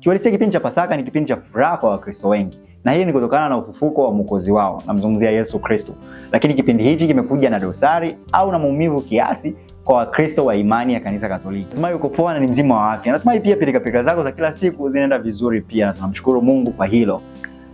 kiwalisia kipindi cha Pasaka ni kipindi cha furaha kwa Wakristo wengi, na hii ni kutokana na ufufuko wa Mwokozi wao, namzungumzia Yesu Kristo. Lakini kipindi hichi kimekuja na dosari au na maumivu kiasi kwa Wakristo wa imani ya Kanisa Katoliki. Natumai uko poa na ni mzima wa afya. Natumai pia pilikapilika zako za kila siku zinaenda vizuri pia, na tunamshukuru Mungu kwa hilo.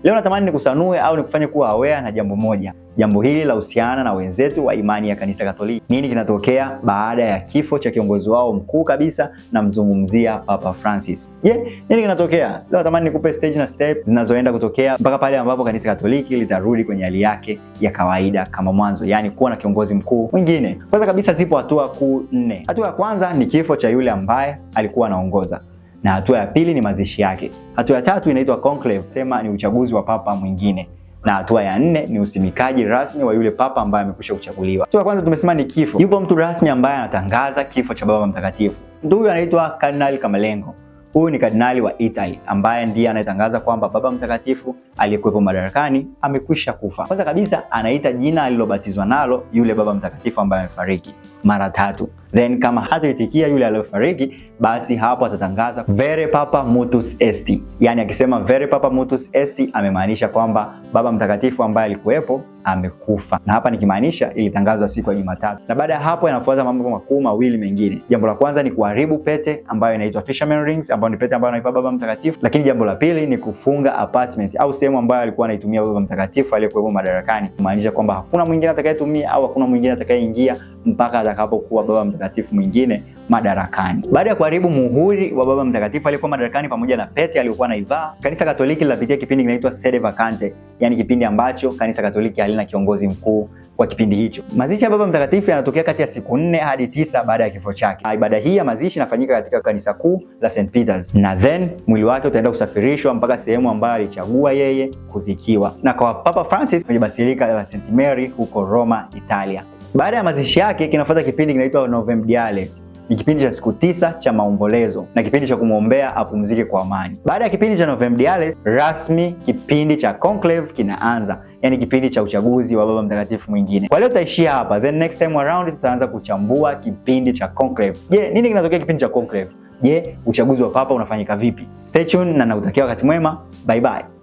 Leo natamani nikusanue au nikufanye kuwa aware na jambo moja. Jambo hili la husiana na wenzetu wa imani ya kanisa Katoliki. Nini kinatokea baada ya kifo cha kiongozi wao mkuu kabisa, namzungumzia Papa Francis. Je, yeah, nini kinatokea leo? Natamani nikupe stage na step zinazoenda kutokea mpaka pale ambapo kanisa Katoliki litarudi kwenye hali yake ya kawaida kama mwanzo, yaani kuwa na kiongozi mkuu mwingine. Kwanza kabisa, zipo hatua kuu nne. Hatua ya kwanza ni kifo cha yule ambaye alikuwa anaongoza na hatua ya pili ni mazishi yake. Hatua ya tatu inaitwa conclave, sema ni uchaguzi wa papa mwingine, na hatua ya nne ni usimikaji rasmi wa yule papa ambaye amekwisha kuchaguliwa. Hatua ya kwanza tumesema ni kifo. Yupo mtu rasmi ambaye anatangaza kifo cha baba mtakatifu. Mtu huyu anaitwa Kardinali Kamalengo. Huyu ni kardinali wa Italy ambaye ndiye anayetangaza kwamba baba mtakatifu aliyekuwepo madarakani amekwisha kufa. Kwanza kabisa anaita jina alilobatizwa nalo yule baba mtakatifu ambaye amefariki mara tatu. Then kama hataitikia yule aliyofariki, basi hapo atatangaza Vere Papa Mutus Est. Yaani akisema Vere Papa Mutus Est amemaanisha kwamba Baba Mtakatifu ambaye alikuwepo amekufa, na hapa nikimaanisha ilitangazwa siku ya Jumatatu. Na baada ya hapo yanafuata mambo makuu mawili mengine. Jambo la kwanza ni kuharibu pete ambayo inaitwa Fisherman Rings, ambayo ni pete ambayo anaipa Baba Mtakatifu, lakini jambo la pili ni kufunga apartment au sehemu ambayo alikuwa anaitumia Baba Mtakatifu aliyekuwepo madarakani, kumaanisha kwamba hakuna mwingine atakayetumia au hakuna mwingine atakayeingia mpaka atakapokuwa Baba Mtakatifu mwingine madarakani. Baada ya kuharibu muhuri wa Baba Mtakatifu aliyekuwa madarakani pamoja na pete aliyokuwa naivaa, kanisa Katoliki linapitia kipindi kinaitwa sede vacante, yani kipindi ambacho kanisa Katoliki halina kiongozi mkuu kwa kipindi hicho. Mazishi ya Baba Mtakatifu yanatokea kati ya siku nne hadi tisa baada ya kifo chake. Ah, ibada hii ya mazishi inafanyika katika kanisa kuu la St Peters, na then mwili wake utaenda kusafirishwa mpaka sehemu ambayo alichagua yeye kuzikiwa na kwa Papa Francis kwenye basilika la St Mary huko Roma, Italia. Baada ya mazishi yake kinafuata kipindi kinaitwa Novemdiales ni kipindi cha siku tisa cha maombolezo na kipindi cha kumwombea apumzike kwa amani. Baada ya kipindi cha Novem Diales, rasmi kipindi cha conclave kinaanza, yani kipindi cha uchaguzi wa Baba Mtakatifu mwingine. Kwa leo tutaishia hapa, then next time around tutaanza kuchambua kipindi cha conclave. Je, nini kinatokea kipindi cha conclave? Je, uchaguzi wa papa unafanyika vipi? Stay tuned na nakutakia wakati mwema. Bye bye.